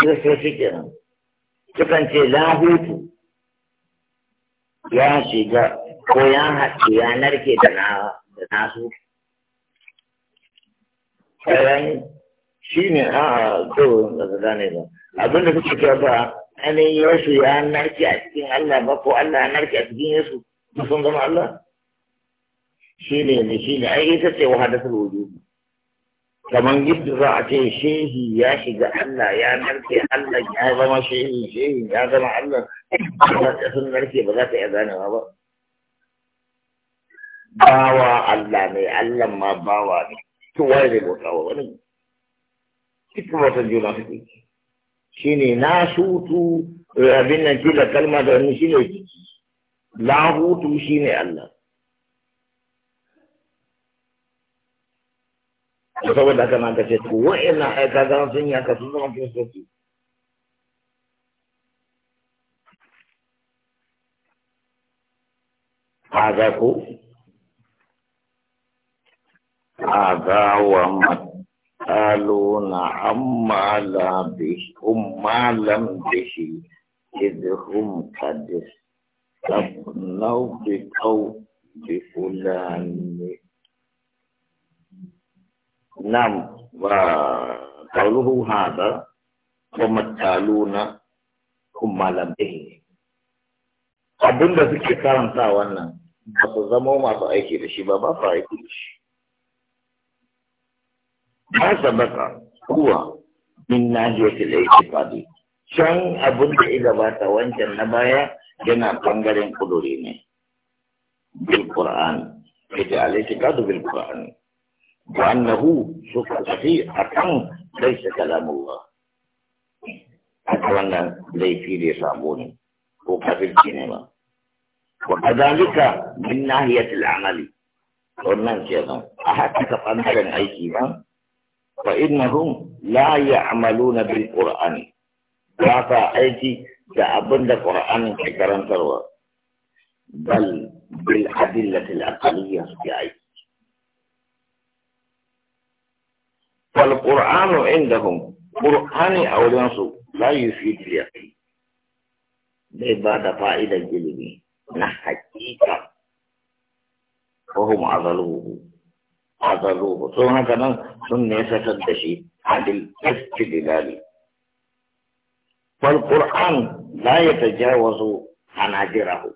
kiristoci kenan sukan ce lahutu ya shiga ko ya haɗu ya narke da nasu kayan shi ko a to da gane ba abinda suke cewa ba ainihin ya narke a cikin allah ba ko allah ya narke a cikin yesu sun zama allah shi ne ne shi ne ai ita ce wahadatul wujud kamar yadda za a ce shehi ya shiga Allah ya narke Allah ya zama shehi shehi ya zama Allah ya ta sun narke ba za ta iya ganewa ba bawa Allah ne Allah ma bawa ne to wai zai bauta wa wani cikin wata juna suke shi ne na shutu abin nan kila kalma da wani shi ne lahu hutu shi ne Allah يقول لك ما انت وإلا هكذا في السوكي هذا هو هذا هو ما قالون أما لا به أما لم به إذ هم قد استفنوا بقول بفلان na'am wa هذا hada التالون هم لم malam abin da suke karanta wannan ba su zama masu aiki da shi ba ba su aiki da shi ba baka kuwa min na nahiyatul ikhtifadi can abin da ya gabata wancan na baya yana bangaren kudure ne bil qur'an ita al bil qur'an وأنه سكتي أكن ليس كلام الله أتوانا لي في لي صابوني وكفي السينما وكذلك من ناحية العمل قلنا كذا أحد تفنر أي كلام فإنهم لا يعملون بالقرآن كافا أيتي تأبند القرآن كرم تروى بل بالأدلة العقلية في أيتي Wal qur'anu ɗin dafa, qur'ani aurensu zai yi suyi gida. Zai bada fa'ida gilini na hakika. Kuma azaluhu, azaluhu suna ganin sun nesa son gashi a ɗin ɗan ƙasar ɗin daɗi. Wal qur'anu za ya tajirawa su a na jira ku.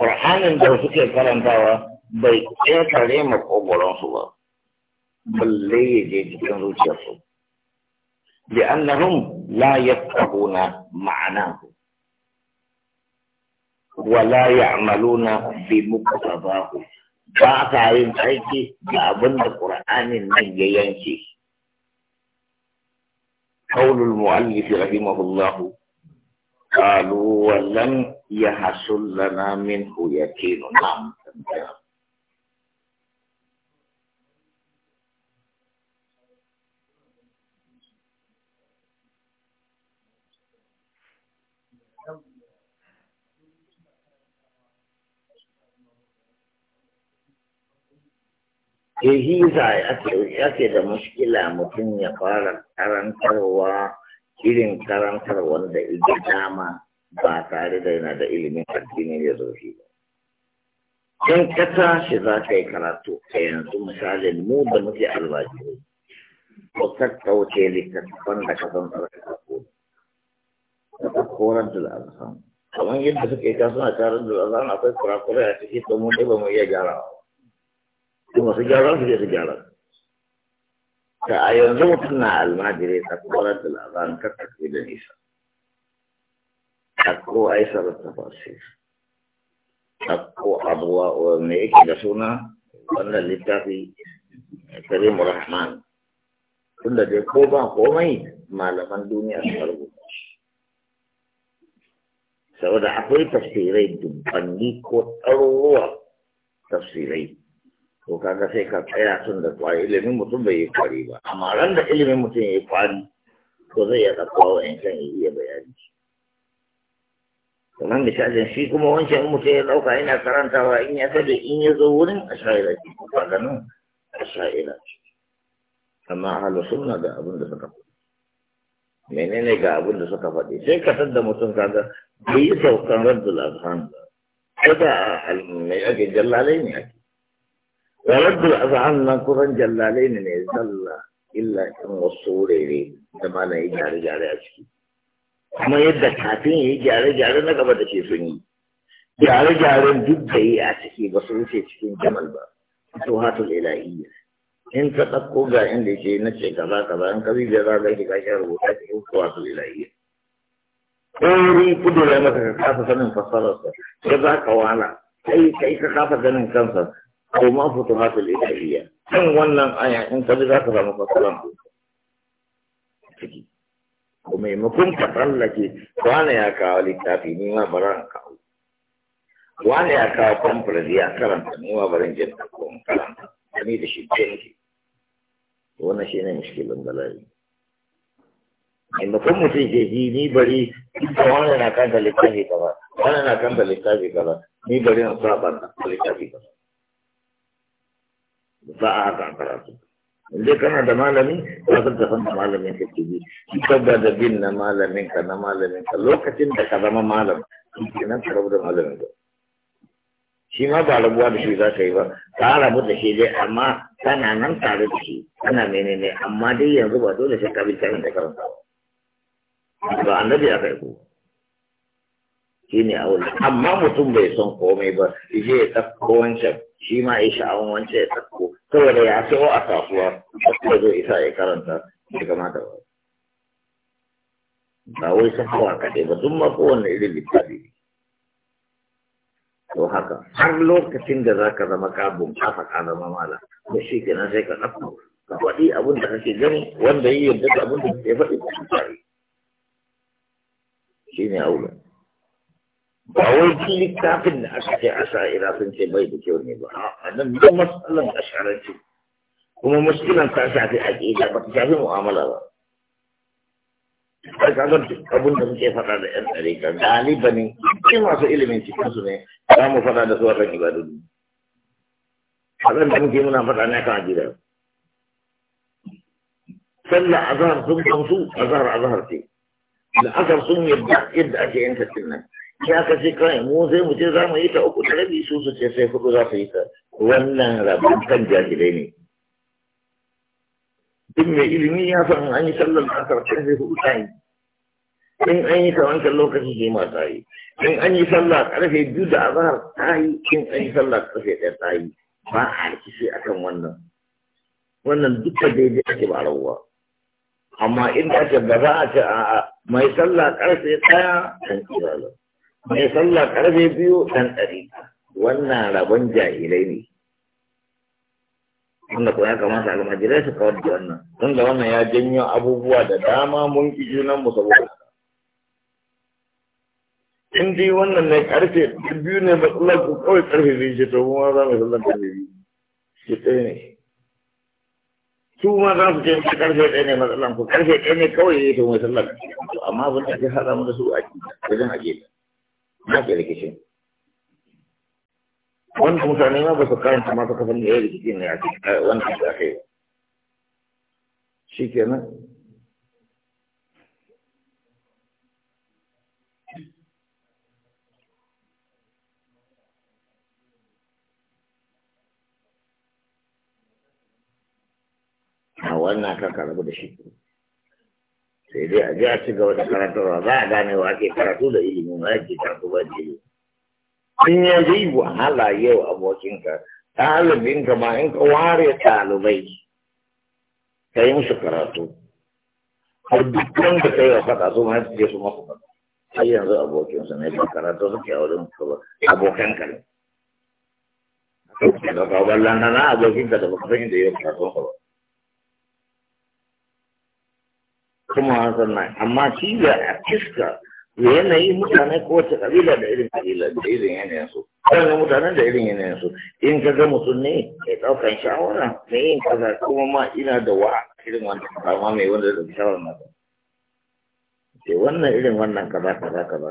Qur'anin da suke karantawa bai koya tare ma ƙogonansu ba. balle ya je cikin zuciyarsu ya لا يفقهون معناه ولا يعملون بمقتضاه ba sa yin aiki da abin da ƙur'anin nan ya yanke. Kaulul mu'allif rahimahullah qalu wa lam yahsul lana minhu yaqinun. Na'am. ke eh, hiza yake da mushkila mutum ya fara karantarwa irin karantar wanda ita dama ba tare da yana da ilimin addini ya shi ba. In ka tashi za ka yi karatu a yanzu misalin mu da muke albajirai, ko ka kauce littattafan da ka san tsarki a koda. Ka koran da al'azan. Kamar yadda suke kasu na tarar da al'azan akwai kurakurai a ciki to ɗaya ba mu iya gyarawa. kuma su gyara su je su gyara ka a yanzu mutum na almajiri ta kwarar da to kaga sai ka tsaya tun da kwari ilimin mutum bai yi kwari ba amma ran da ilimin mutum ya yi kwari to zai ya tsakawa wa'in kan iya bayani kamar misalin shi kuma wancan in mutum ya dauka ina karantawa in ya sabi in ya zo wurin a sha'ira ce ba ganin a sha'ira ce amma halu suna ga abin da suka faɗi menene ga abin da suka faɗi sai ka da mutum kaga bai yi saukan raddul azhan ko da mai ake jallalai ne ake wa a azhan nan kusan jallalai ne ne zalla illa in wasu wurare da malam ya gyare gyare a ciki kuma yadda kafin ya yi gyare gyare na gaba da ke sun yi gyare gyaren duk da yi a ciki ba su wuce cikin jamal ba to hatul ilahiyya in ta ɗauko ga inda ke na ce kaza kaza in kabi da za ka yi gashi rubuta cikin hatul ilahiyya ko wurin kudura maka ka kasa sanin fassararsa ya za ka wala kai kai ka kafa ganin kansa ko ma futuhatul ilahiyya kan wannan aya in ka za ka samu fasaran ciki ko maimakon ka tsallake wane ya kawo littafi ni ma bara in kawo wane ya kawo pamphlet ya karanta ni ma bara in je na ko in karanta ni da shi ce nake wannan ne mushkilin bala'i maimakon mutum ke yi ni bari da wani na kanta littafi kaza wani na kanta littafi ba ni bari in saba littafi ba a haka karatu inda kana da malami ba ka ta fanta malamin ka ke bi shi tabba da bin na malamin ka na malamin ka lokacin da ka zama malam shi ke nan ka rabu da malamin ka shi ma ba rabuwa da shi za ka yi ba ka rabu da shi dai amma kana nan tare da shi kana menene amma dai yanzu ba dole sai ka bi ta da karanta ba an annabi ya kai ku shi ne a wuri amma mutum bai son komai ba shi ya ɗauko kowancan shi ma ya sha'awar wancan ya tsakko saboda ya so a kasuwa kuma zo isa ya karanta ya da wani ba wai sun hawa kaɗai ba duk ma kowane irin littafi to haka har lokacin da za ka zama ka bunƙasa ka zama mala da shi kenan sai ka ɗauko ka faɗi abin da kake gani wanda ya yanzu da abin da ya faɗi ka shi ne aula ba wai duk littafin da aka ce ira sun ce bai da kyau ne ba a nan ba matsalan asha'aranci kuma muskilan ta shafi aƙida ba ta shafi mu'amala ba ai kaga abin da muke faɗa da yan ɗarika galiba ne sai masu ilimin cikin su ne za mu faɗa da su akan ibadodi faɗan da muke muna fada ne kan aƙida sallah azhar sun gamsu azhar azhar ce da azhar sun yadda yadda ake yin tattin nan ya aka ce kawai mu sai mu ce za mu yi ta uku da rabi su su ce sai hudu za su yi ta wannan rabin kan jahilai ne duk mai ilimi ya san an yi sallar asar kan sai hudu ta yi in an yi ta wancan lokaci sai ma ta yi in an yi sallah karfe biyu da azahar ta yi in an yi sallah karfe ɗaya ta yi ba a rikici akan wannan wannan duka daidai ake ba rawuwa amma in ake ce ba za a ce a'a mai sallah karfe ɗaya kan kira lau mai sallah karfe biyu dan ɗari wannan rabon jahilai ne wanda kuma ya kamata almajirai su kawar da wannan tun da wannan ya janyo abubuwa da dama mun ki junan mu saboda in dai wannan ne karfe biyu ne matsalar ku kawai karfe biyu ce to kuma za mu sallar karfe biyu shi ɗaya ne su ma za su ce ta karfe ɗaya ne matsalar ku karfe ɗaya ne kawai ya yi to mai sallar amma abin da ke haɗa mana da su a wajen aƙida ya ke rikicin wanda mutane ma ba su karanta ma kafin da ya rikicin ne a cikin eh, wanda da aka yi shi kenan wannan kan karabu da shi sai dai a je a ci gaba da karantarwa za a gane wa ake karatu da ilimin wa ake karatu ba da ilimin in ya zai wahala yau abokinka ɗalibinka ma in ka ware ɗalibai ka yi musu karatu har dukkan da kai wa faɗa su ma je su masu faɗa har yanzu abokinsa ne ba karatu suke a wurin ka ba abokan ka ne. Ka ga ballan na abokinka da baka san inda yau karatu ka ba. kuma an sannan amma shi da a fiska da yanayi mutane ko wata kabila da irin kabila da irin yanayin su kan mutanen da irin yanayin su in ka ga mutum ne ya daukan shawara me yin kaza kuma ma ina da wa irin wannan kama mai wanda da shawara na ba ke wannan irin wannan kaza kaza kaza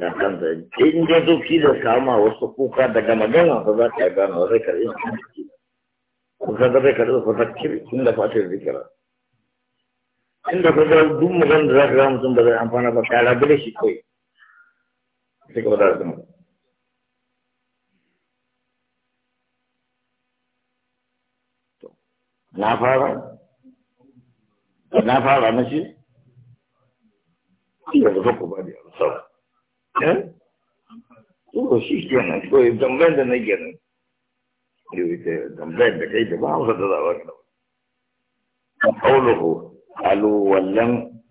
da kanta in ga zo ki da kama wasu kuka daga magana ba za ka gano zai karbi mutum ki ba ka ga zai karbi mutum ki da fatin zikira inda ka ga duk mutum da za ka ga mutum ba zai amfana ba ka rabu da shi kawai sai ka wadar da na fara na fara na shi da ba ku ba da sau eh ko shi kenan ko tambayar da na kenan yau ita tambayar da kai da ba hausa da zawa ka qawluhu قالوا ولم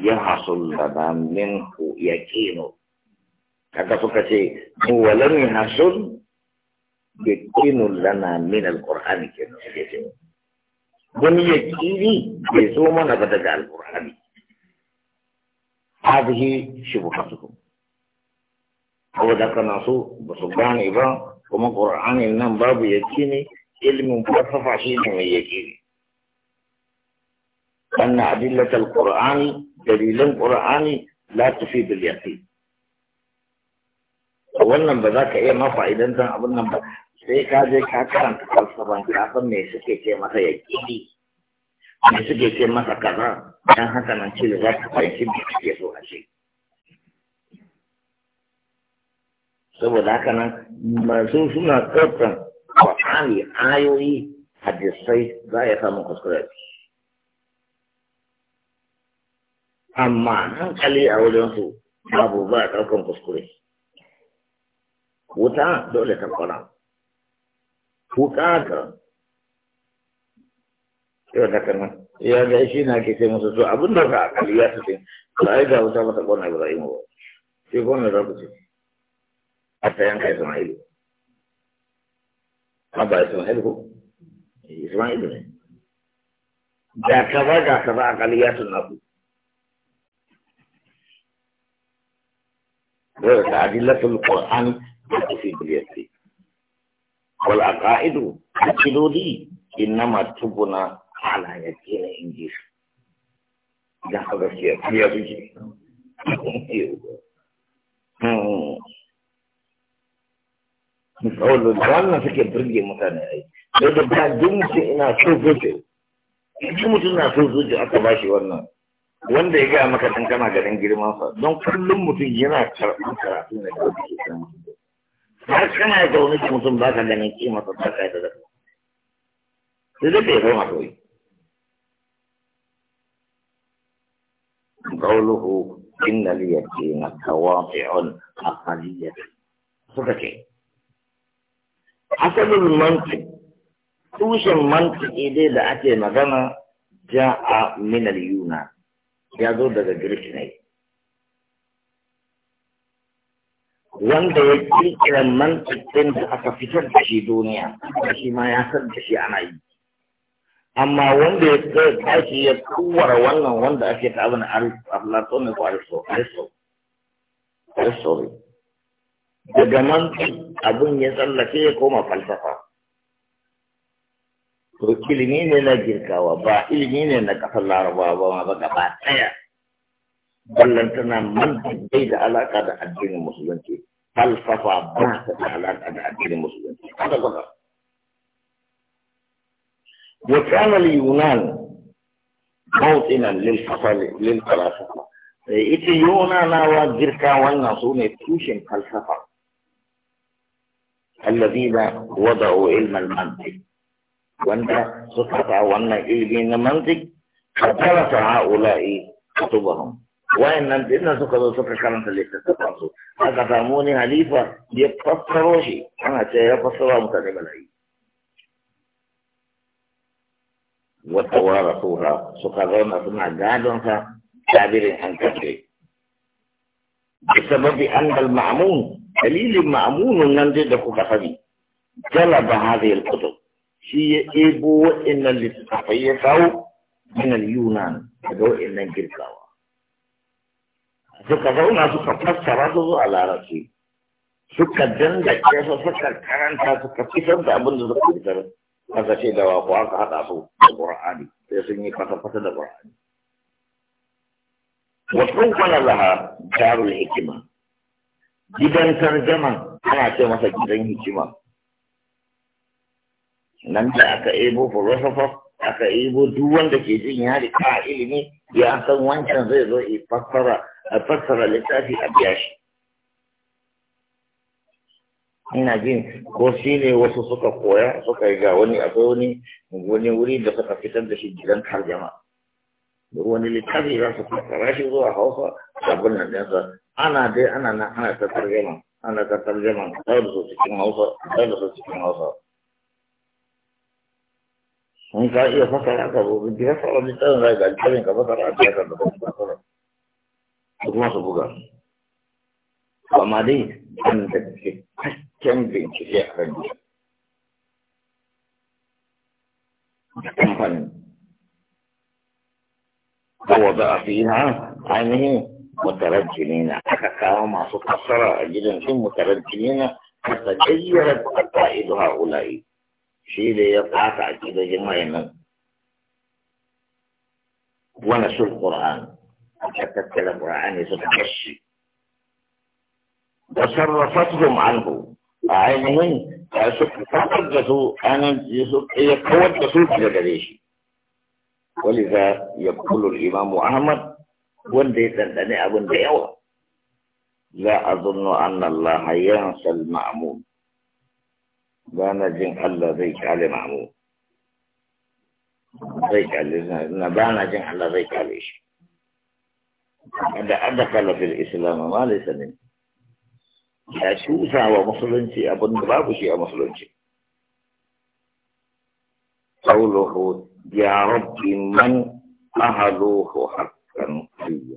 يحصل لنا منه يقين kaga suka ce mu walam yahsul yakinun lana min alqur'ani kenan suke ce mun yakini bai zo mana ba daga alqur'ani hadhihi shubuhatukum ko da kana so ba su gane ba kuma ƙur'ani nan babu yakini ilimin falsafa shi ne mai yakini أن أدلة القرآن دليل القرآن لا تفيد اليقين أولا بذلك إيه ما فائدة أولا بذلك هذا كان تقال سبا كافا ميسك كي ما سيجيدي ميسك كي ما سكرا نحن تنشيل ذات فائسين كي يسوع شيء sau da haka nan masu suna kafin ƙwa'ani ayoyi a disai za a yi samun kuskure amma hankali a wajensu babu ba a ɗaukan kuskure wuta dole ta kwana kuka ka yau da kanan ya ga shi na ke sai musu to abin da ka akali ya tafi ba ai ga wuta ba ta kwana ba zai ba sai kwana za ku ce a ta yanka isma'ilu a ba isma'ilu ko isma'ilu ne da ka ba ga ka ba akali ya ku. أدلة القرآن تفيد اليقين والعقائد الكلودي إنما تبنى على يقين إنجيل ده هذا الشيء يا بيجي Misal wannan suke birge mutane ai, da da ba jinsi ina so zuciya, idan mutum na so zuciya aka ba shi wannan, wanda ya gaya maka dan kana ganin girman fa, don kullum mutum yana karɓar karatu ne da wani ke har kana da wani mutum ba ka ganin kima sa ba ka yi da zaka sai zai bai kai masu yi قوله إن اليتيم تواضع أقلية صدقين asalin mantik tushen mantik idai da ake magana ja'a min al-yuna ya zo daga Greek ne wanda ya kirkira mantikin da aka fitar da shi duniya shi ma ya san da shi ana yi amma wanda ya tashi ya ƙuwar wannan wanda ake ta abin ne ko daga nan ya tsallake ya koma falsafa to ilimi ne na girkawa ba ilimi ne na kasar larabawa ba ma ba gaba ɗaya ballan tana man bai da alaka da addinin musulunci falsafa ba ta da alaka da addinin musulunci kada gwada wa kana yunan mawtinan lil fasali lil falsafa ita yunanawa girka wannan su ne tushen falsafa الذين وضعوا علم المنطق wanda suka ta wannan ilimi na mantik ta ha'ula'i kutubahum wayannan nan suka zo suka karanta littafin su aka samu ni halifa ya fassaro shi ana ce ya fassara ne bala'i wata wara sura suka zauna suna gadon sa tabirin an kace an بسبب أن المعمون دليل da kuka لكو jalaba hadhihi al kutub هي إبو إن اللي أو من اليونان هذا إن الجريكا سكذا هنا سكذا سرادو على راسي سكذا جند كيسا سكذا كان كذا سكذا كيسا ده أبو نزك كيسا هذا شيء ده وقاعد هذا أبو القرآن يسني فتا فتا ده القرآن وكم كان لها دار الحكمة جدا ترجمة أنا أتى مثلا الحكمة nan da aka ebo philosopher aka ebo duk wanda ke jin ya rika a ilimi ya san wancan zai zo a fassara a fassara littafi a biya shi ina jin ko shi ne wasu suka koya suka yi ga wani akwai wani wani wuri da suka fitar da shi gidan tarjama wani littafi za su fassara shi zuwa hausa abin nan ana dai ana nan ana ta tarjama ana ta tarjama ta da su cikin hausa ta da su cikin hausa من فائدة فصل عقب وبنت فصل من تان غايب عن حبين كفصل عقب يكر لبصل عقب حكما صبقا وما دي أن تدفي حسن في انتفاع ربي وتكمفن ووضع فيها عينه مترجلين حكا وما صبقا صرا جدا في مترجلين فتجيرت قطائد هؤلاء shi da ya fata a kidojin wayannan wani sul ƙura'an aka tattara ƙura'ani suka kashi da sarrafatuhum anhu a ainihin suka kawar da su anan ya kawar da su daga gare shi ولذا يقول الإمام أحمد وندي تندني أبن بيوه لا أظن أن الله ينسى المأمون بانا جن الله زي كالي معمول زي كالي بانا جن الله زي كالي أدى أدى قال في الإسلام ما ليس من يشوسا ومخلنشي أبن بابشي ومخلنشي قوله يا رب من أهلوه حقا في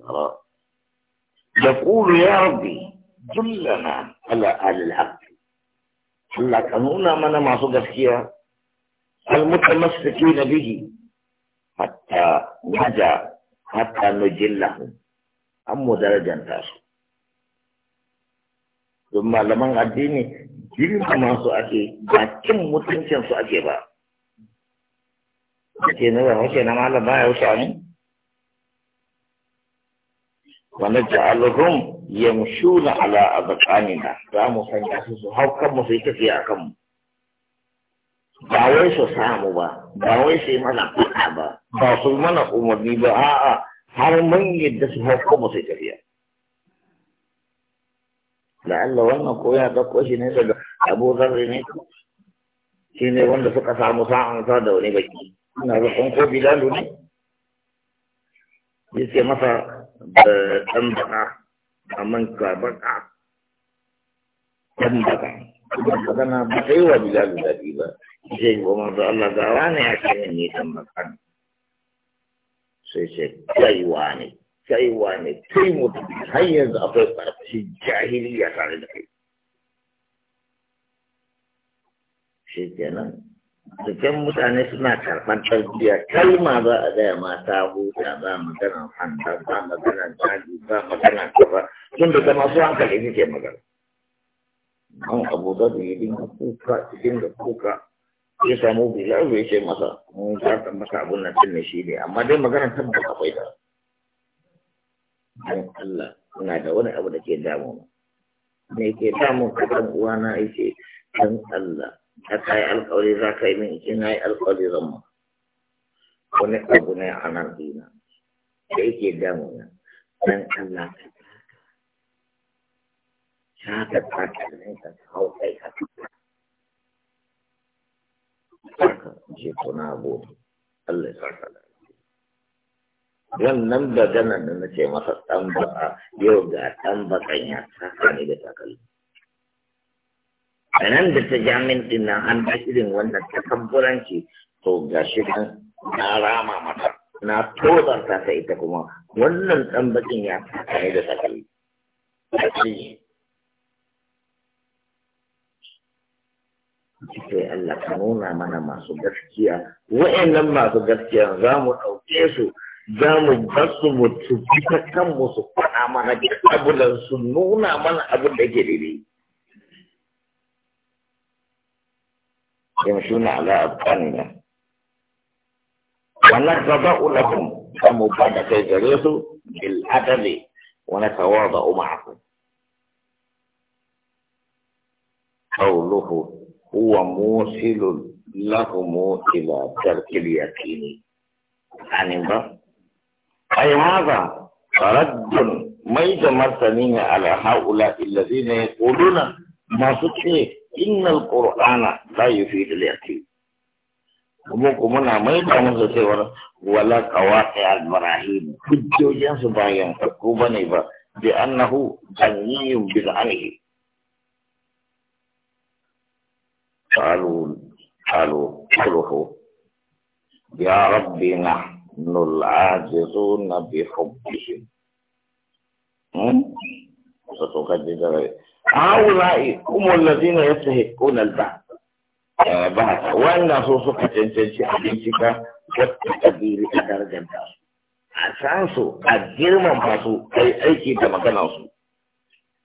يقول يا ربي دلنا على أهل الحق Allah ka nuna mana masu gaskiya al mutamassiki na bihi hatta waja hatta nujillahu an mu darajanta su don malaman addini girma masu ake ba cin mutuncinsu su ake ba ake nuna wace na malam baya wuce ne wani ja'alurum yamshuna ala abqanina za mu sanya su su hau kanmu mu su yi tafiya a kanmu ba wai su samu ba ba wai su yi mana faɗa ba ba su mana umarni ba a'a har mun yadda su hau kanmu mu su yi tafiya Da Allah wannan ko ya ɗauko shi ne daga abu zarri ne shi ne wanda suka samu sa'an sa da wani baki ina rukun ko bilalu ne yake masa da eh, ɗan bana ba man ka ba ka kan ba ka kuma magana ba sai wa bilal dadi ba sai ko manzo Allah ga wani ya ce min ni san makan sai sai kai wani kai wani kai mutu har yanzu akwai ƙarfi jahiliya tare da kai shi kenan Dukkan mutane suna karɓar tarbiyya kalma za a gaya ma ta huta ba magana hanta ba magana daji ba magana kafa tun da zama su hankali suke magana. An abu da ya dinga kuka ya dinga kuka ya samu bilal zai ce masa mun karɓar masa abun nan tun shi ne amma dai ta ba akwai da. Don Allah ina da wani abu da ke damu. ne ke damun kaɗan uwana ya ce don Allah da ka yi alƙawari za ka yi min ikin na yi alƙawari zan ma wani abu ne a nan dina da yake damuna dan Allah ka taka ta ka taka ne ka hau kai ka taka ce tuna abu Allah ya saka da wannan da ganan da na ce masa ɗan a yau ga ɗan bakan ya saka ne da takalmi nan da ta jamin din nan an ba irin wanda ta kamburanci to ga shi na rama mata na tozar ta ita kuma wannan dan bakin ya kai da tsakali sai Allah ka nuna mana masu gaskiya wa'annan masu gaskiya za mu ɗauke su za mu basu mutu mu ta kanmu su faɗa mana da su nuna mana abin da ke daidai يمشون على أبطاننا ونتضاء لكم كمبادة جريس بالأدب ونتواضع معكم قوله هو موصل لهم إلى ترك اليقين عن أي ماذا رد ميت مرتنين على هؤلاء الذين يقولون ما سكيه إن القرآن لا يفيد اليقين muku muna mai da musu cewar wala kawai al-marahim hujjojin su ba yankaku ba ne ba bi annahu anniyun bil anhi qalu qalu quluhu ya rabbi nahnu al-ajizuna bi hubbihim hmm satu kaji dari هؤلاء هم الذين يستحقون البحث بحث وأن سوسك تنتشي أبنتك والتقدير أدرجا أسانسو أجرم فاسو أي أي كي تمكناسو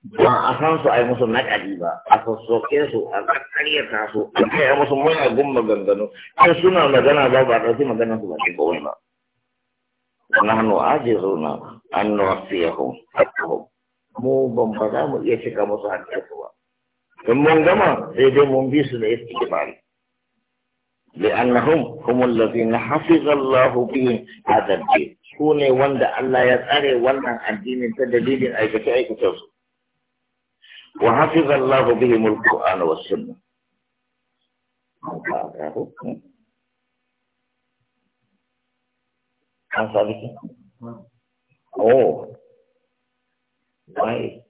ba a san su a yi musu naƙari ba a sassoke su a ƙarƙaryata su a kai musu mayagun maganganu sai suna magana ba ba ɗauki magana su ba ce ba wani ba na hannu ajiye zauna an nuwafiyahu a kawo mu ban ba za mu iya shiga musu hannunsu ba in mun gama sai dai mun bi su da istiqbal li'annahum humul ladzina hafiza Allah bihim hadha ad-din sune wanda Allah ya tsare wannan addinin ta dalilin aikace aikace su wa hafiza Allah bihim al-Qur'an waye